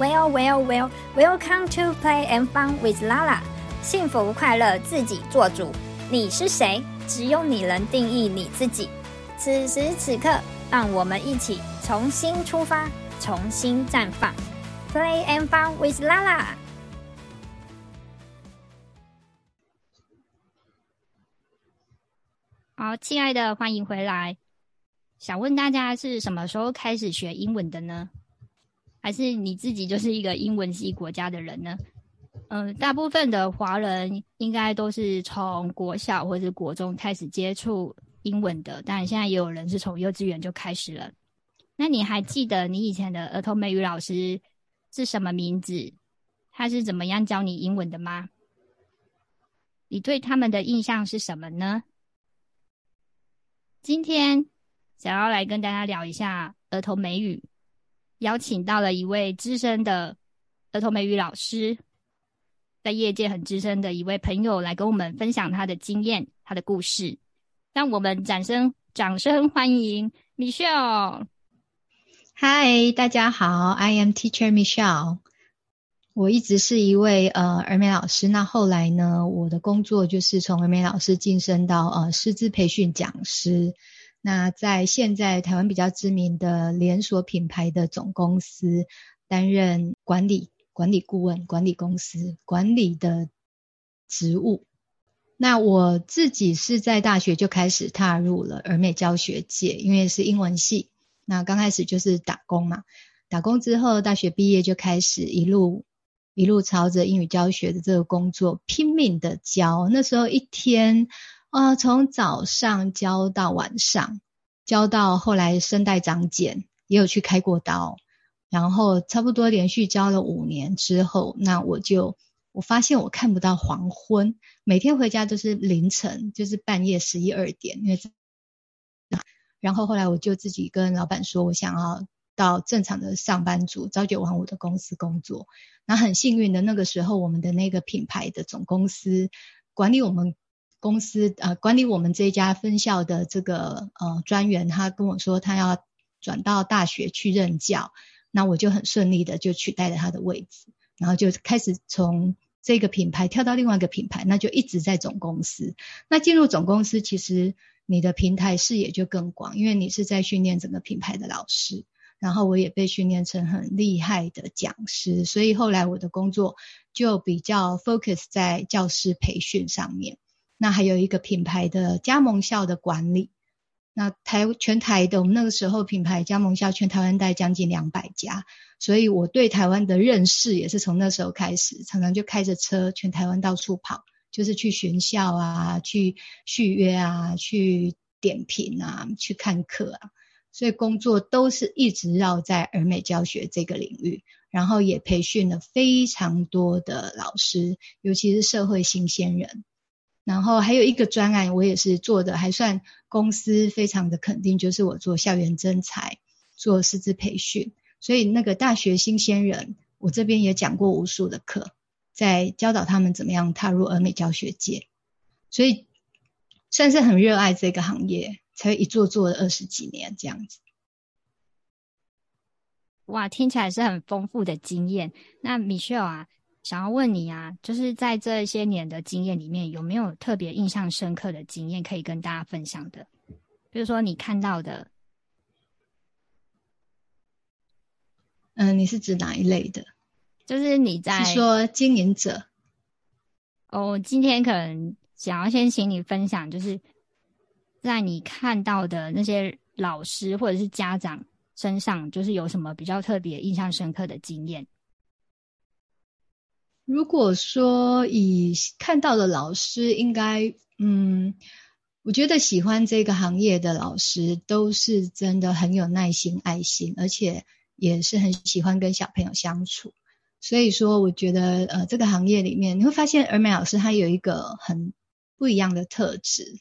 Well, well, well! Welcome to play and fun with Lala. 幸福快樂自己做主。你是誰？只有你能定義你自己。此時此刻，讓我們一起重新出發，重新綻放。Play and fun with Lala。好，親愛的，歡迎回來。想問大家是什麼時候開始學英文的呢？還是你自己就是一個英文系國家的人呢？嗯，大部分的華人應該都是從國小或者是國中開始接觸英文的，但現在也有人是從幼稚園就開始了。那你還記得你以前的兒童美語老師是什麼名字？他是怎麼樣教你英文的嗎？你對他們的印象是什麼呢？今天想要來跟大家聊一下兒童美語。邀請到了一位資深的兒童美語老師，在業界很資深的一位朋友來跟我們分享他的經驗、他的故事，讓我們掌聲掌聲歡迎 Michelle。Hi，大家好，I am Teacher Michelle。我一直是一位呃兒美老師，那後來呢，我的工作就是從兒美老師晉升到呃師資培訓講師。那在現在台灣比較知名的連鎖品牌的總公司擔任管理管理顧問、管理公司管理的職務。那我自己是在大學就開始踏入了兒美教學界，因為是英文系。那剛開始就是打工嘛，打工之後大學畢業就開始一路一路朝着英語教學的這個工作拼命的教。那時候一天。啊、哦，從早上教到晚上，教到後來聲帶長繭，也有去開過刀，然後差不多連續教了五年之後，那我就我發現我看不到黃昏，每天回家都是凌晨，就是半夜十一二點。因為，然後後來我就自己跟老板說，我想要到正常的上班族朝九晚五的公司工作。那很幸運的那個時候，我們的那個品牌的總公司管理我們。公司，呃，管理我們這一家分校的這個，呃，專員，他跟我說他要轉到大學去任教，那我就很順利的就取代了他的位置，然後就開始從這個品牌跳到另外一個品牌，那就一直在總公司。那進入總公司，其實你的平台視野就更廣，因為你是在訓練整個品牌的老師，然後我也被訓練成很厲害的講師，所以後來我的工作就比較 focus 在教師培訓上面。那還有一個品牌的加盟校的管理，那台，全台的我們那個時候品牌加盟校全台灣大概將近兩百家，所以我對台灣的認識也是從那時候開始，常常就開着車全台灣到處跑，就是去巡校啊，去續約啊，去點評啊，去看課啊，所以工作都是一直繞在兒美教學這個領域，然後也培訓了非常多的老師，尤其是社會新鮮人。然後還有一個專案，我也是做的還算公司非常的肯定，就是我做校園徵才，做師資培訓，所以那個大學新鮮人，我這邊也講過無數的課，在教導他們怎麼樣踏入兒美教學界，所以算是很熱愛這個行業，才會一做做了二十幾年這樣子。哇，聽起來是很豐富的經驗。那 Michelle 啊。想要問你啊，就是在這些年的經驗裡面，有沒有特別印象深刻的經驗可以跟大家分享的？比如說你看到的，嗯、呃，你是指哪一類的？就是你在，是說經營者。哦，今天可能想要先請你分享，就是在你看到的那些老師或者是家長身上，就是有什麼比較特別印象深刻的經驗？如果說以看到的老師，應該，嗯，我覺得喜歡這個行業的老師都是真的很有耐心、愛心，而且也是很喜歡跟小朋友相處。所以說，我覺得，呃，這個行業裡面，你會發現兒美老師他有一個很不一樣的特質，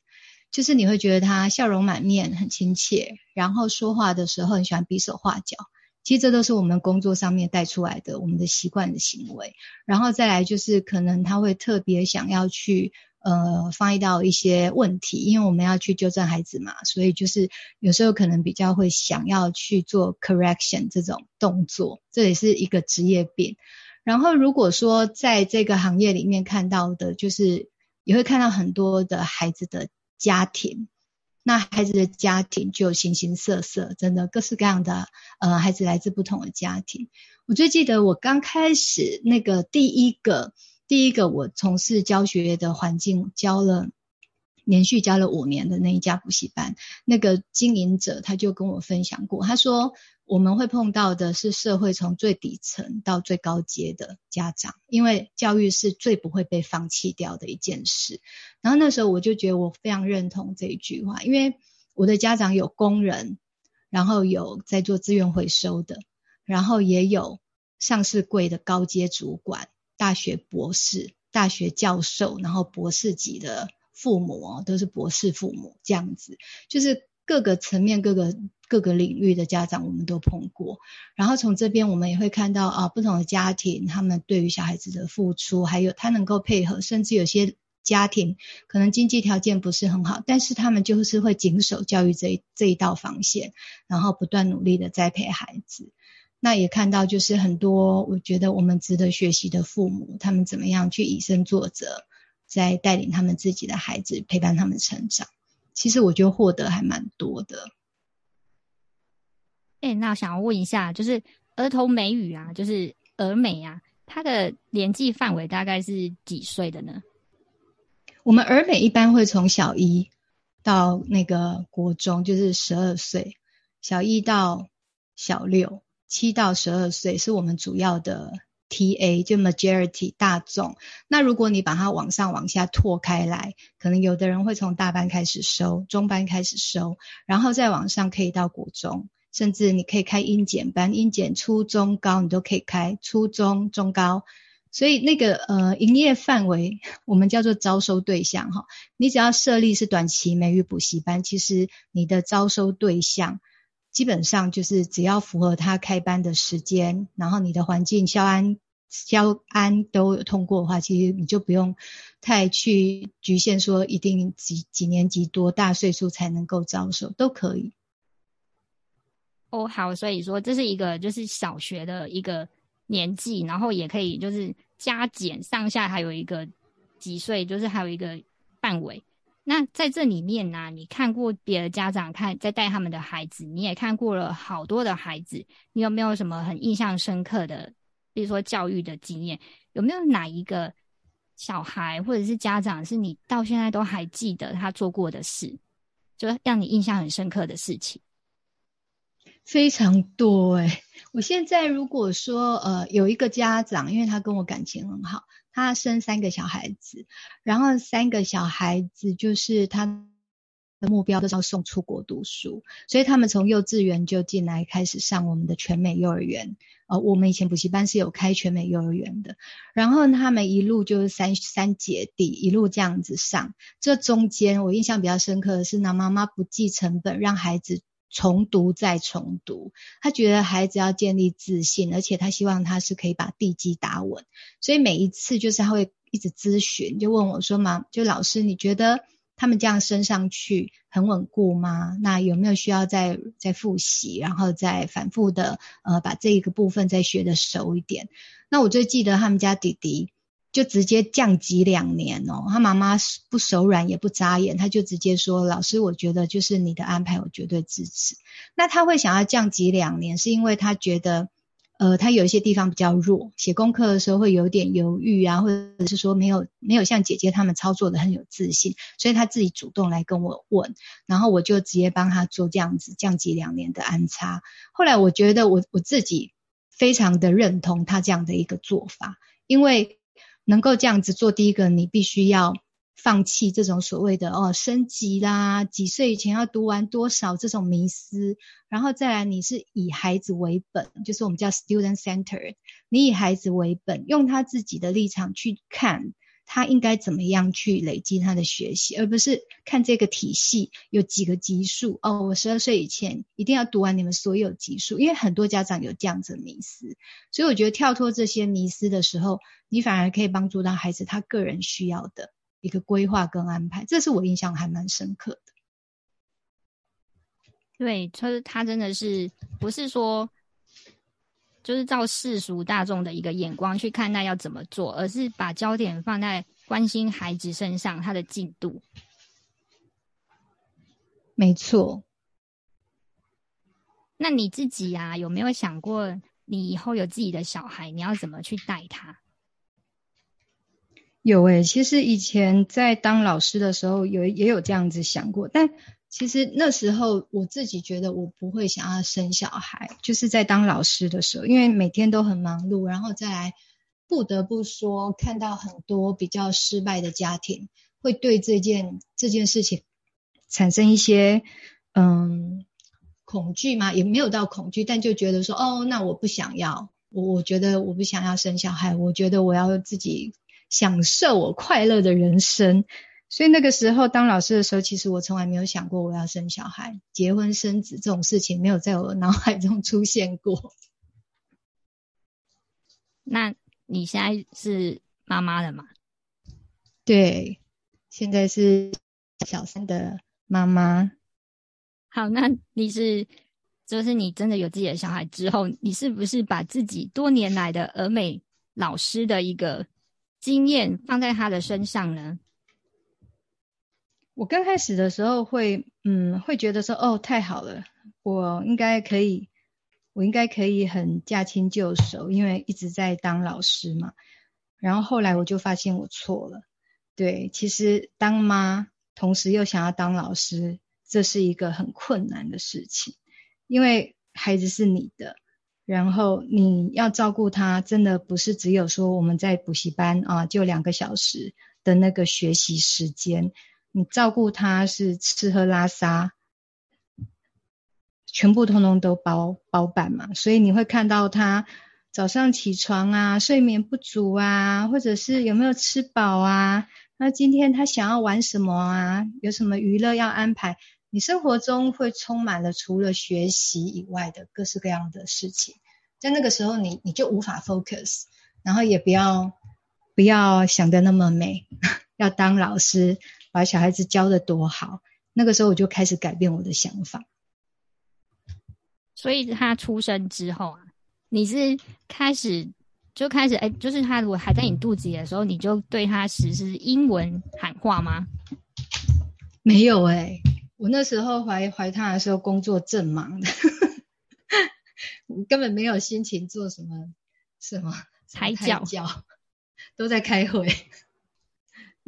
就是你會覺得他笑容滿面、很親切，然後說話的時候很喜歡比手畫腳。其實這都是我們工作上面帶出來的，我們的習慣的行為。然後再來就是，可能他會特別想要去，呃，翻譯到一些問題，因為我們要去糾正孩子嘛，所以就是有時候可能比較會想要去做 correction 這種動作，這也是一個職業病。然後如果說在這個行業裡面看到的，就是也會看到很多的孩子的家庭。那孩子的家庭就形形色色，真的各式各樣的。呃，孩子來自不同的家庭。我最記得我剛開始那個第一個第一個我從事教學的環境，教了連續教了五年的那一家補習班，那個經營者他就跟我分享過，他說，我們會碰到的是社會從最底層到最高階的家長，因為教育是最不會被放棄掉的一件事。然後那時候我就覺得我非常認同這一句話，因為我的家長有工人，然後有在做資源回收的，然後也有上市櫃的高階主管、大學博士、大學教授，然後博士級的父母哦，都是博士父母這樣子，就是。各個層面、各個各個領域的家長，我們都碰過。然後從這邊，我們也會看到啊，不同的家庭，他們對於小孩子的付出，還有他能夠配合，甚至有些家庭可能經濟條件不是很好，但是他們就是會謹守教育這一這一道防線，然後不斷努力的栽培孩子。那也看到，就是很多我覺得我們值得學習的父母，他們怎麼樣去以身作則，在帶領他們自己的孩子，陪伴他們成長。其實我覺得獲得還蠻多的。哎、欸，那我想要問一下，就是兒童美語啊，就是兒美啊，它的年紀範圍大概是幾歲的呢？我們兒美一般會從小一到那個國中，就是十二歲，小一到小六，七到十二歲是我們主要的，T A 就 majority 大眾，那如果你把它往上往下拓開來，可能有的人會從大班開始收，中班開始收，然後再往上可以到國中，甚至你可以開英檢班，英檢初中高你都可以開，初中中高，所以那個呃營業範圍我們叫做招收對象哈、哦，你只要設立是短期美語補習班，其實你的招收對象。基本上就是只要符合他開班的時間，然後你的環境消安，消安都通過的話，其實你就不用太去局限說一定幾幾年級多大歲數才能夠招收，都可以。哦，好，所以說，這是一個就是小學的一個年紀，然後也可以就是加減上下還有一個幾歲，就是還有一個範圍。那在這裡面呢，啊，你看過別的家長看在帶他們的孩子，你也看過了好多的孩子，你有沒有什麼很印象深刻的，比如說教育的經驗？有沒有哪一個小孩或者是家長是你到現在都還記得他做過的事，就讓你印象很深刻的事情？非常多誒，我現在如果說呃有一個家長，因為他跟我感情很好。他生三個小孩子，然後三個小孩子就是他的目標，都要送出國讀書，所以他們從幼稚園就進來開始上我們的全美幼兒園。呃，我們以前補習班是有開全美幼兒園的，然後他們一路就是三三姐弟一路這樣子上。這中間我印象比較深刻的是呢，媽媽不計成本讓孩子。重讀再重讀，他覺得孩子要建立自信，而且他希望他是可以把地基打穩，所以每一次就是他會一直諮詢，就問我說嘛，就老師你覺得他們這樣升上去很穩固嗎？那有沒有需要再再複習，然後再反覆的呃把這一個部分再學得熟一點？那我就記得他們家弟弟。就直接降級兩年哦，他媽媽不手軟也不眨眼，他就直接說：“老師，我覺得就是你的安排，我絕對支持。”那他會想要降級兩年，是因為他覺得，呃，他有一些地方比較弱，寫功課的時候會有點猶豫啊，或者是說沒有沒有像姐姐他們操作的很有自信，所以他自己主動來跟我問，然後我就直接幫他做這樣子降級兩年的安插。後來我覺得我我自己非常的認同他這樣的一個做法，因為，能夠這樣子做，第一個你必須要放棄這種所謂的哦升級啦，幾歲以前要讀完多少這種迷思，然後再來你是以孩子為本，就是我們叫 student-centered，你以孩子為本，用他自己的立場去看。他應該怎麼樣去累積他的學習，而不是看這個體系有幾個級數。哦，我十二歲以前一定要讀完你們所有級數，因為很多家長有這樣子的迷思，所以我覺得跳脫這些迷思的時候，你反而可以幫助到孩子他個人需要的一個規劃跟安排，這是我印象還蠻深刻的。對，就他真的是不是說？就是照世俗大眾的一個眼光去看待要怎麼做，而是把焦點放在關心孩子身上，他的進度。沒錯。那你自己啊，有沒有想過你以後有自己的小孩，你要怎麼去帶他？有哎，其實以前在當老師的時候，有也有這樣子想過，但。其實那時候我自己覺得我不會想要生小孩，就是在當老師的時候，因為每天都很忙碌，然後再來不得不說，看到很多比較失敗的家庭，會對這件這件事情產生一些嗯恐懼嗎？也沒有到恐懼，但就覺得說哦，那我不想要，我我覺得我不想要生小孩，我覺得我要自己享受我快樂的人生。所以那個時候當老師的時候，其實我從來沒有想過我要生小孩，結婚生子這種事情沒有在我腦海中出現過。那你現在是媽媽了嗎？對，現在是小三的媽媽。好，那你是就是你真的有自己的小孩之後，你是不是把自己多年來的兒美老師的一個經驗放在他的身上呢？我剛開始的時候會，嗯，會覺得說，哦，太好了，我應該可以，我應該可以很駕輕就熟，因為一直在當老師嘛。然後後來我就發現我錯了，對，其實當媽同時又想要當老師，這是一個很困難的事情，因為孩子是你的，然後你要照顧他，真的不是只有說我們在補習班啊，就兩個小時的那個學習時間。你照顧他是吃喝拉撒，全部通通都包包辦嘛，所以你會看到他早上起床啊，睡眠不足啊，或者是有沒有吃飽啊？那今天他想要玩什麼啊？有什麼娛樂要安排？你生活中會充滿了除了學習以外的各式各樣的事情，在那個時候你，你你就無法 focus，然後也不要不要想得那麼美，要當老師。把小孩子教得多好，那個時候我就開始改變我的想法。所以他出生之後啊，你是開始就開始哎、欸，就是他如果還在你肚子裡的時候，你就對他實施英文喊話嗎？沒有哎、欸，我那時候懷懷他的時候工作正忙的， 根本沒有心情做什麼，什麼，什麼抬腳都在開會。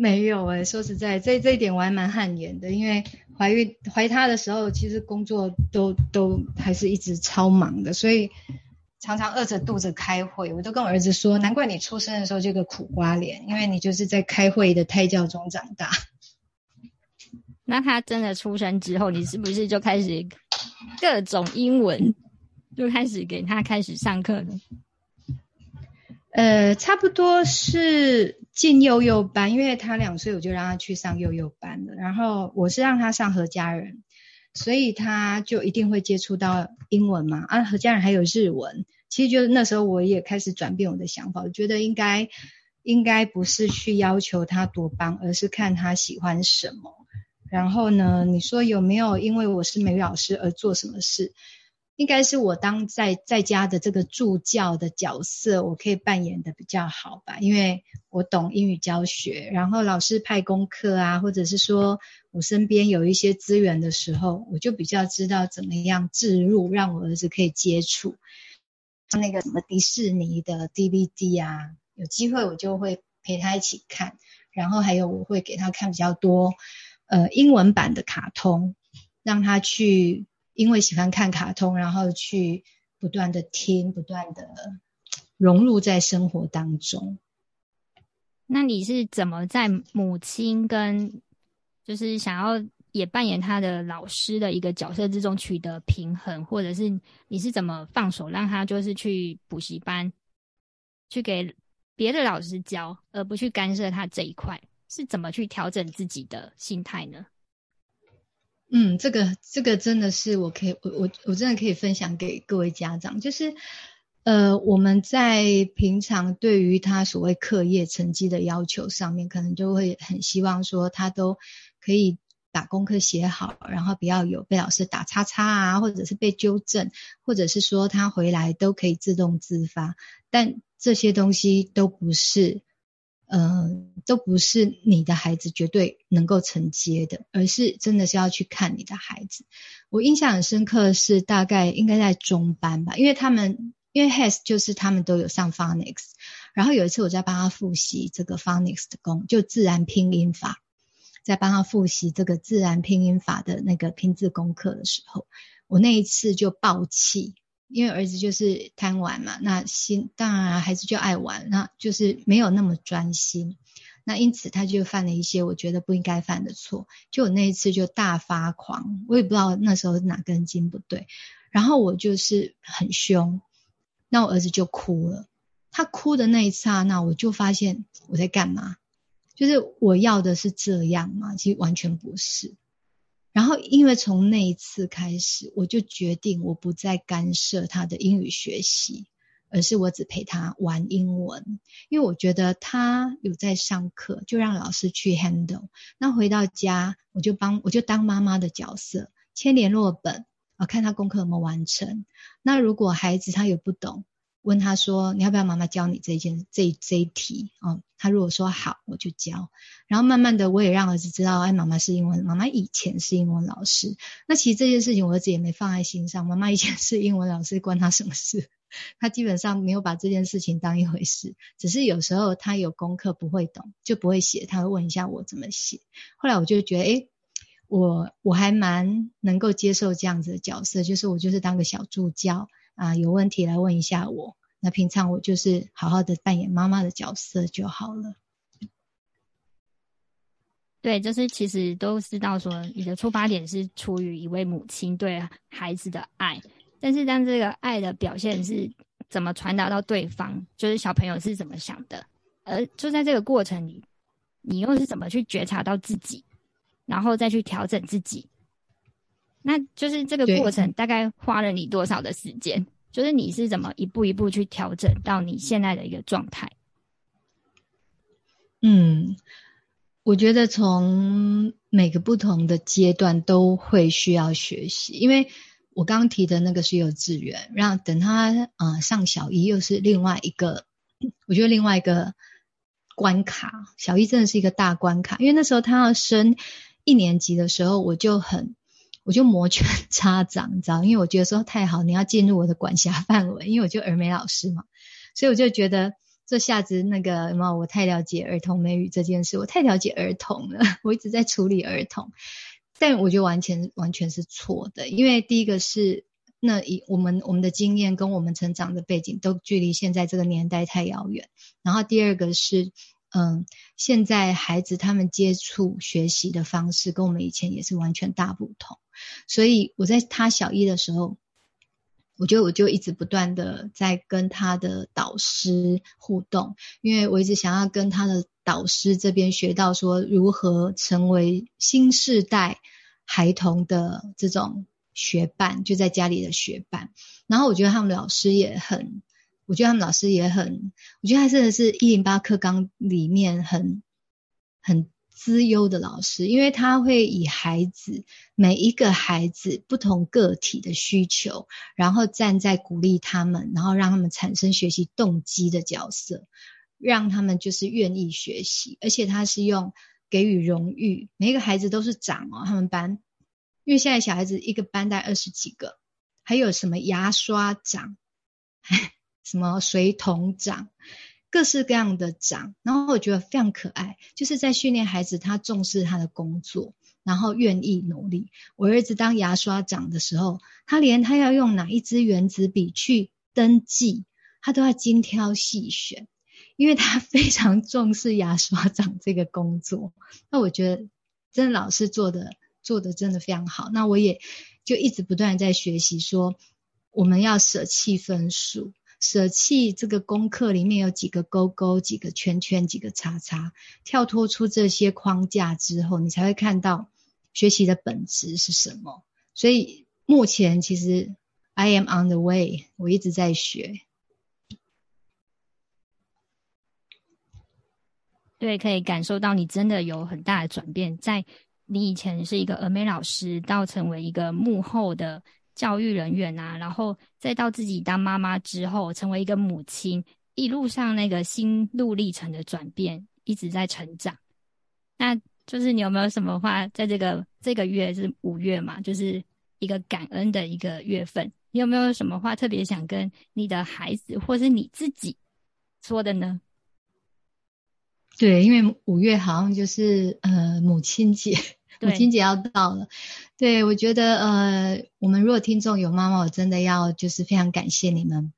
沒有哎、欸，說實在，在這，這一點我還蠻汗顏的，因為懷孕懷他的時候，其實工作都都還是一直超忙的，所以常常餓着肚子開會。我都跟我兒子說，難怪你出生的時候就個苦瓜臉，因為你就是在開會的胎教中長大。那他真的出生之後，你是不是就開始各種英文，就開始給他開始上課呢？呃，差不多是進幼幼班，因為他兩歲，我就讓他去上幼幼班了。然後我是讓他上何嘉仁，所以他就一定會接觸到英文嘛。啊，何嘉仁還有日文。其實就那時候，我也開始轉變我的想法，我覺得應該應該不是去要求他多幫，而是看他喜歡什麼。然後呢，你說有沒有因為我是美語老師而做什麼事？應該是我當在在家的這個助教的角色，我可以扮演得比較好吧，因為我懂英語教學，然後老師派功課啊，或者是說我身邊有一些資源的時候，我就比較知道怎麼樣置入，讓我兒子可以接觸，像那個什麼迪士尼的 DVD 啊，有機會我就會陪他一起看，然後還有我會給他看比較多，呃，英文版的卡通，讓他去。因為喜歡看卡通，然後去不斷的聽，不斷的融入在生活當中。那你是怎麼在母親跟就是想要也扮演他的老師的一個角色之中取得平衡，或者是你是怎麼放手讓他就是去補習班，去給別的老師教，而不去干涉他這一塊，是怎麼去調整自己的心態呢？嗯，這個這個真的是我可以，我我我真的可以分享給各位家長，就是，呃，我們在平常對於他所謂課業成績的要求上面，可能就會很希望說他都可以把功課寫好，然後不要有被老師打叉叉啊，或者是被糾正，或者是說他回來都可以自動自發，但這些東西都不是。呃，都不是你的孩子絕對能夠承接的，而是真的是要去看你的孩子。我印象很深刻的是大概應該在中班吧，因為他們，因為 HAS 就是他們都有上 Phonics 然後有一次我在幫他複習這個 Phonics 的功，就自然拼音法，在幫他複習這個自然拼音法的那個拼字功課的時候，我那一次就爆氣。因為兒子就是貪玩嘛，那心當然孩子就愛玩，那就是沒有那麼專心，那因此他就犯了一些我覺得不應該犯的錯。就我那一次就大發狂，我也不知道那時候哪根筋不對，然後我就是很兇，那我兒子就哭了。他哭的那一剎那，我就發現我在幹嘛，就是我要的是這樣嗎？其實完全不是。然後，因為從那一次開始，我就決定我不再干涉他的英語學習，而是我只陪他玩英文。因為我覺得他有在上課，就讓老師去 handle。那回到家，我就幫，我就當媽媽的角色，簽聯絡本，我看他功課有沒有完成。那如果孩子他有不懂，問他說：“你要不要媽媽教你這一件這這一題哦？”他如果說好，我就教。然後慢慢的，我也讓兒子知道，哎，媽媽是英文，媽媽以前是英文老師。那其實這件事情，我兒子也沒放在心上。媽媽以前是英文老師，關他什麼事？他基本上沒有把這件事情當一回事。只是有時候他有功課不會懂，就不會寫，他會問一下我怎麼寫。後來我就覺得，哎，我我還蠻能夠接受這樣子的角色，就是我就是當個小助教。啊，有問題來問一下我。那平常我就是好好的扮演媽媽的角色就好了。對，就是其實都知道說，你的出發點是出於一位母親對孩子的愛，但是當這個愛的表現是怎麼傳達到對方，就是小朋友是怎麼想的，而就在這個過程裡，你又是怎麼去覺察到自己，然後再去調整自己。那就是這個過程大概花了你多少的時間？就是你是怎麼一步一步去調整到你現在的一個狀態？嗯，我覺得從每個不同的階段都會需要學習，因為我剛剛提的那個是幼稚園，然後等他啊、呃、上小一又是另外一個，我覺得另外一個關卡。小一真的是一個大關卡，因為那時候他要升一年級的時候，我就很。我就摩拳擦掌，你知道，因為我覺得說太好，你要進入我的管轄範圍，因為我就兒美老師嘛，所以我就覺得這下子那個什麼，我太了解兒童美語這件事，我太了解兒童了，我一直在處理兒童，但我覺得完全完全是錯的，因為第一個是那以我們我們的經驗跟我們成長的背景都距離現在這個年代太遙遠，然後第二個是。嗯，現在孩子他們接觸學習的方式跟我們以前也是完全大不同，所以我在他小一的時候，我覺得我就一直不斷的在跟他的導師互動，因為我一直想要跟他的導師這邊學到說如何成為新世代孩童的這種學伴，就在家裡的學伴。然後我覺得他們老師也很。我覺得他們老師也很，我覺得他真的是一零八課綱裡面很很資優的老師，因為他會以孩子、每一個孩子不同個體的需求，然後站在鼓勵他們，然後讓他們產生學習動機的角色，讓他們就是願意學習。而且他是用給予榮譽，每一個孩子都是長哦，他們班，因為現在小孩子一個班帶二十幾個，還有什麼牙刷長。 什麼水桶長，各式各樣的長，然後我覺得非常可愛，就是在訓練孩子他重視他的工作，然後願意努力。我兒子當牙刷長的時候，他連他要用哪一支原子筆去登記，他都要精挑細選，因為他非常重視牙刷長這個工作。那我覺得真的老師做的做的真的非常好，那我也就一直不斷在學習說，我們要舍棄分數。捨棄這個功課裡面有幾個勾勾、幾個圈圈、幾個叉叉，跳脫出這些框架之後，你才會看到學習的本質是什麼。所以目前其實 I am on the way，我一直在學。對，可以感受到你真的有很大的轉變，在你以前是一個兒美老師，到成為一個幕後的。教育人員啊，然後再到自己當媽媽之後，成為一個母親，一路上那個心路歷程的轉變，一直在成長。那就是你有沒有什麼話，在這個這個月是五月嘛，就是一個感恩的一個月份，你有沒有什麼話特別想跟你的孩子或是你自己說的呢？對，因為五月好像就是呃母親節。母親節要到了，對，我覺得，呃，我們如果聽眾有媽媽，我真的要就是非常感謝你們，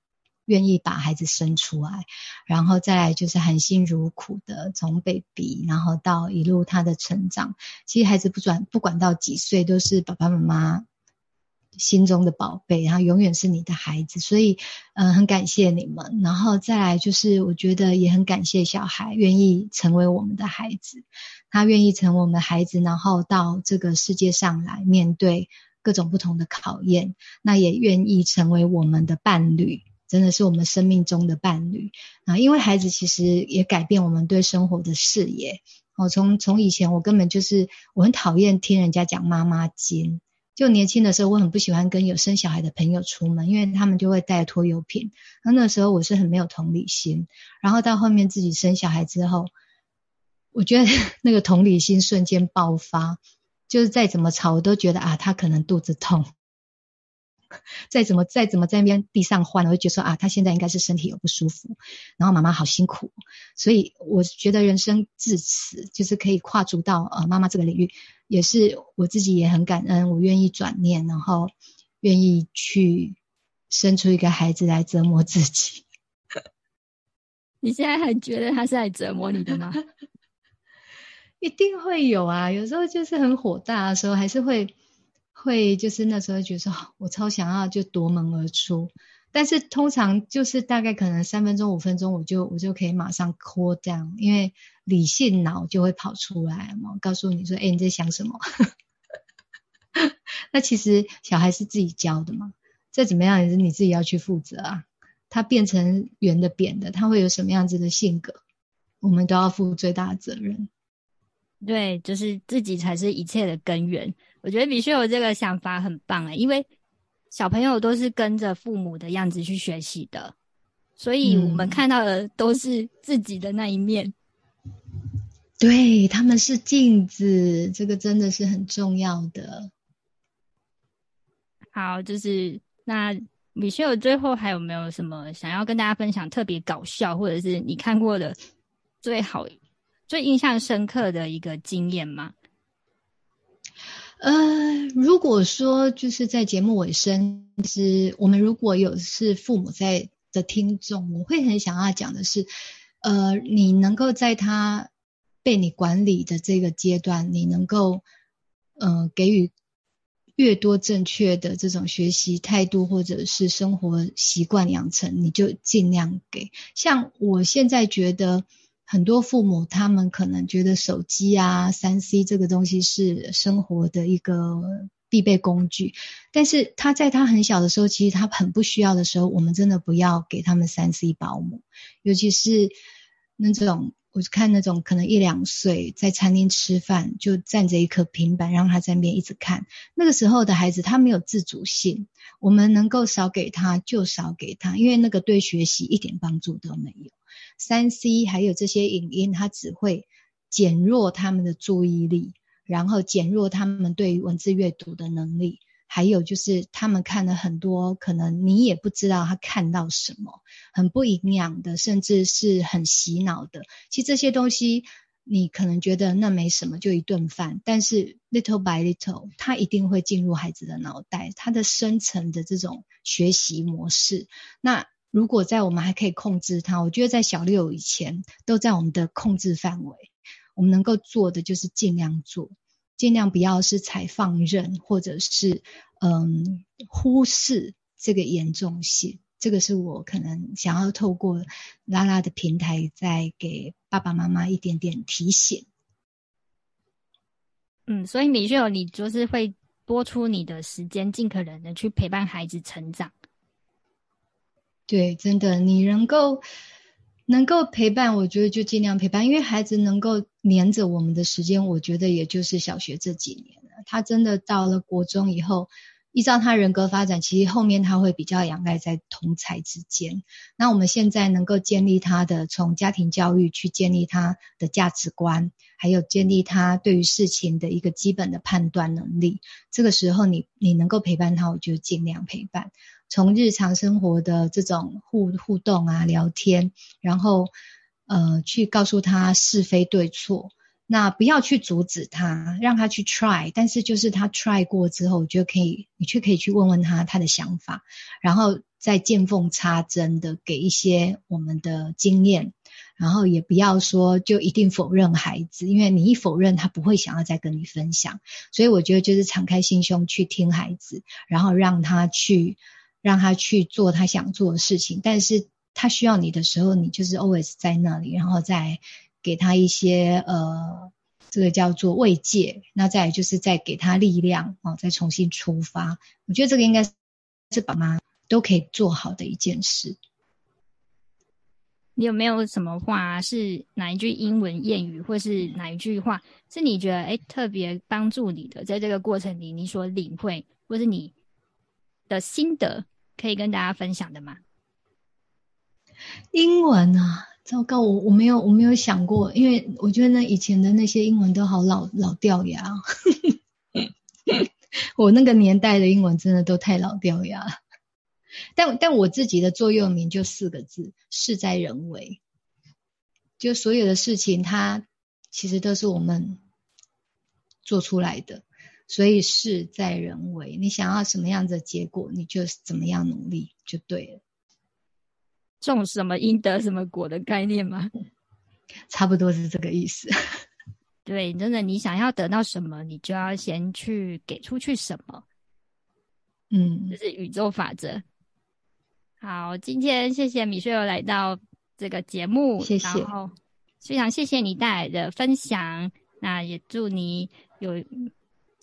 願意把孩子生出來，然後再來就是含辛茹苦的從 baby，然後到一路他的成長，其實孩子不管不管到幾歲，都是爸爸媽媽心中的寶貝，然後永遠是你的孩子，所以，嗯，很感謝你們。然後再來就是，我覺得也很感謝小孩願意成為我們的孩子，他願意成為我們的孩子，然後到這個世界上來面對各種不同的考驗，那也願意成為我們的伴侶，真的是我們生命中的伴侶啊！因為孩子其實也改變我們對生活的視野，我，哦，從，從以前，我根本就是我很討厭聽人家講媽媽經。就年輕的時候，我很不喜歡跟有生小孩的朋友出門，因為他們就會帶拖油瓶。那那時候我是很沒有同理心，然後到後面自己生小孩之後，我覺得那個同理心瞬間爆發，就是再怎麼吵，我都覺得啊，他可能肚子痛。再怎麼再怎麼在那邊地上換，我會覺得說，啊，他現在應該是身體有不舒服，然後媽媽好辛苦，所以我覺得人生至此，就是可以跨足到呃媽媽這個領域，也是我自己也很感恩，我願意轉念，然後願意去生出一個孩子來折磨自己。你現在還覺得他是來折磨你的嗎？ 一定會有啊，有時候就是很火大的時候，還是會。會就是那時候覺得說，我超想要就奪門而出，但是通常就是大概可能三分鐘五分鐘，我就我就可以馬上 calm down，因為理性腦就會跑出來嘛，告訴你說，哎、欸，你在想什麼？ 那其實小孩是自己教的嘛，再怎麼樣也是你自己要去負責啊。他變成圓的、扁的，他會有什麼樣子的性格，我們都要負最大的責任。對，就是自己才是一切的根源。我覺得 Michelle 這個想法很棒，哎、欸，因為小朋友都是跟着父母的樣子去學習的，所以我們看到的都是自己的那一面。嗯、對，他們是鏡子，這個真的是很重要的。好，就是那 Michelle 最後還有沒有什麼想要跟大家分享特別搞笑，或者是你看過的最好、最印象深刻的一個經驗嗎？呃，如果說就是在節目尾聲之，我們如果有是父母在的聽眾，我會很想要講的是，呃，你能夠在他被你管理的這個階段，你能夠，呃，給予越多正確的這種學習態度或者是生活習慣養成，你就盡量給。像我現在覺得。很多父母他們可能覺得手機啊、三 C 這個東西是生活的一個必備工具，但是他在他很小的時候，其實他很不需要的時候，我們真的不要給他們三 C 保姆，尤其是那這種，我看那種可能一兩歲在餐廳吃飯，就站着一顆平板讓他在那邊一直看，那個時候的孩子他沒有自主性，我們能夠少給他就少給他，因為那個對學習一點幫助都沒有。3C 還有這些影音，它只會減弱他們的注意力，然後減弱他們對於文字閱讀的能力。還有就是他們看了很多，可能你也不知道他看到什麼，很不營養的，甚至是很洗腦的。其實這些東西，你可能覺得那沒什麼，就一頓飯。但是 little by little，它一定會進入孩子的腦袋，它的深層的這種學習模式。那。如果在我們還可以控制它，我覺得在小六以前都在我們的控制範圍。我們能夠做的就是盡量做，盡量不要是才放任，或者是嗯忽視這個嚴重性。這個是我可能想要透過拉拉的平台再給爸爸媽媽一點點提醒。嗯，所以 Michelle，你就是會撥出你的時間，盡可能的去陪伴孩子成長。對，真的，你能夠能夠陪伴，我覺得就盡量陪伴，因為孩子能夠黏着我們的時間，我覺得也就是小學這幾年了。他真的到了國中以後，依照他人格發展，其實後面他會比較仰賴在同儕之間。那我們現在能夠建立他的從家庭教育去建立他的價值觀，還有建立他對於事情的一個基本的判斷能力。這個時候你，你你能夠陪伴他，我就盡量陪伴。從日常生活的這種互互動啊、聊天，然後，呃，去告訴他是非對錯，那不要去阻止他，讓他去 try，但是就是他 try 過之後，就可以，你卻可以去問問他他的想法，然後再見縫插針地給一些我們的經驗，然後也不要說就一定否認孩子，因為你一否認他不會想要再跟你分享，所以我覺得就是敞開心胸去聽孩子，然後讓他去。讓他去做他想做的事情，但是他需要你的時候，你就是 always 在那裡，然後再給他一些呃，這個叫做慰藉，那再就是再給他力量啊，哦，再重新出發。我覺得這個應該是爸媽都可以做好的一件事。你有沒有什麼話，是哪一句英文諺語，或是哪一句話，是你覺得哎特別幫助你的，在這個過程裡你所領會，或是你的心得？可以跟大家分享的嗎？英文啊，糟糕，我我沒有我沒有想過，因為我覺得呢，以前的那些英文都好老老掉牙，哦， 我那個年代的英文真的都太老掉牙。但但我自己的座右銘就四個字：事在人為。就所有的事情它，它其實都是我們做出來的。所以事在人為，你想要什麼樣的結果，你就怎麼樣努力就對了。種什麼因得什麼果的概念嗎？差不多是這個意思。對，真的，你想要得到什麼，你就要先去給出去什麼。嗯，這是宇宙法則。好，今天謝謝 Michelle 來到這個節目，謝謝，然後非常謝謝你帶來的分享。那也祝你有。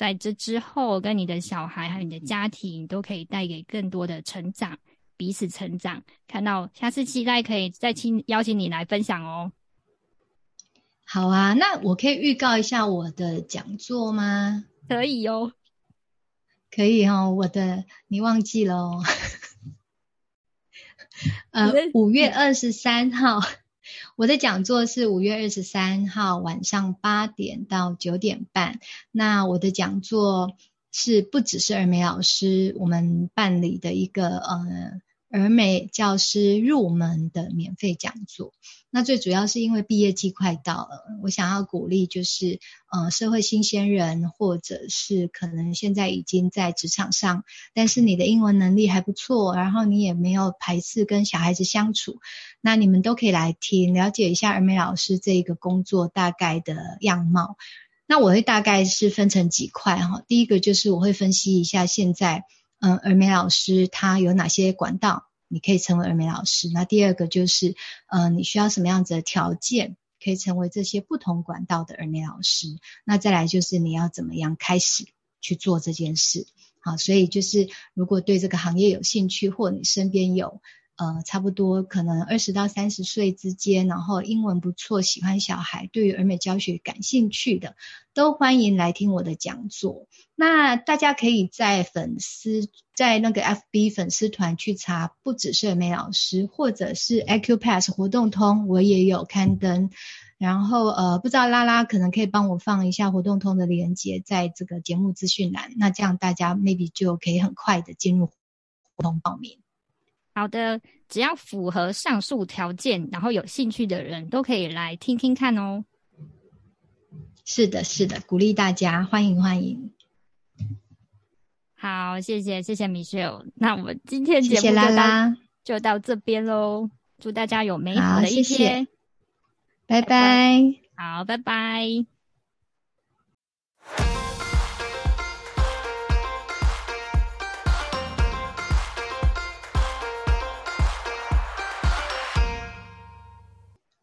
在這之後，跟你的小孩還有你的家庭都可以帶給更多的成長，彼此成長。看到下次期待可以再請邀請你來分享哦。好啊，那我可以預告一下我的講座嗎？可以哦，可以哦，我的，你忘記了哦。 呃，五月二十三號。 我的講座是五月二十三號晚上八點到九點半。那我的講座是不只是兒美老師，我們辦理的一個，呃。兒美教師入門的免費講座，那最主要是因為畢業季快到了，我想要鼓勵就是，嗯、呃，社會新鮮人，或者是可能現在已經在職場上，但是你的英文能力還不錯，然後你也沒有排斥跟小孩子相處，那你們都可以來聽，了解一下兒美老師這一個工作大概的樣貌。那我會大概是分成幾塊哈，第一個就是我會分析一下現在。嗯，兒美老師他有哪些管道？你可以成為兒美老師。那第二個就是，嗯、呃，你需要什麼樣子的條件可以成為這些不同管道的兒美老師？那再來就是你要怎麼樣開始去做這件事？好，所以就是如果對這個行業有興趣，或你身邊有。呃，差不多可能二十到三十歲之間，然後英文不錯，喜歡小孩，對於兒美教學感興趣的，都歡迎來聽我的講座。那大家可以在粉絲在那個 FB 粉絲團去查，不只是兒美老師，或者是 Acupass 活動通，我也有刊登。然後呃，不知道拉拉可能可以幫我放一下活動通的鏈接，在這個節目資訊欄，那這樣大家 maybe 就可以很快的進入活動報名。好的，只要符合上述條件，然後有興趣的人都可以來聽聽看哦。是的，是的，鼓勵大家，歡迎歡迎。好，謝謝謝謝 Michelle。那我們今天節目就到，謝謝拉拉，就到這邊嘍，祝大家有美好的一天，謝謝，拜拜，拜拜，好，拜拜。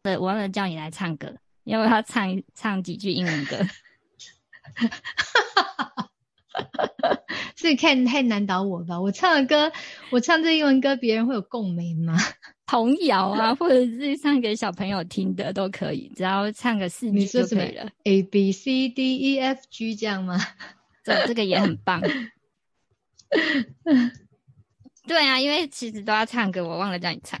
對，我忘了叫你來唱歌，要不要唱唱幾句英文歌？哈哈哈！哈哈哈！所以看太難倒我吧？我唱的歌，我唱這英文歌，別人會有共鳴嗎？童謠啊，或者是唱給小朋友聽的都可以，只要唱個四句就可以了。你說什麼？A B C D E F G 這樣嗎？這這個也很棒。 對啊，因為其實都要唱歌，我忘了叫你唱。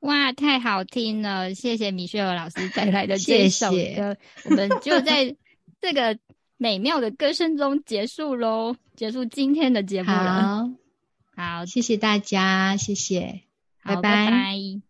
哇，太好聽了！謝謝米雪兒老師帶來的這首歌，謝謝，我們就在這個美妙的歌聲中結束嘍，結束今天的節目了。好，好，謝謝大家，謝謝，拜拜。拜拜。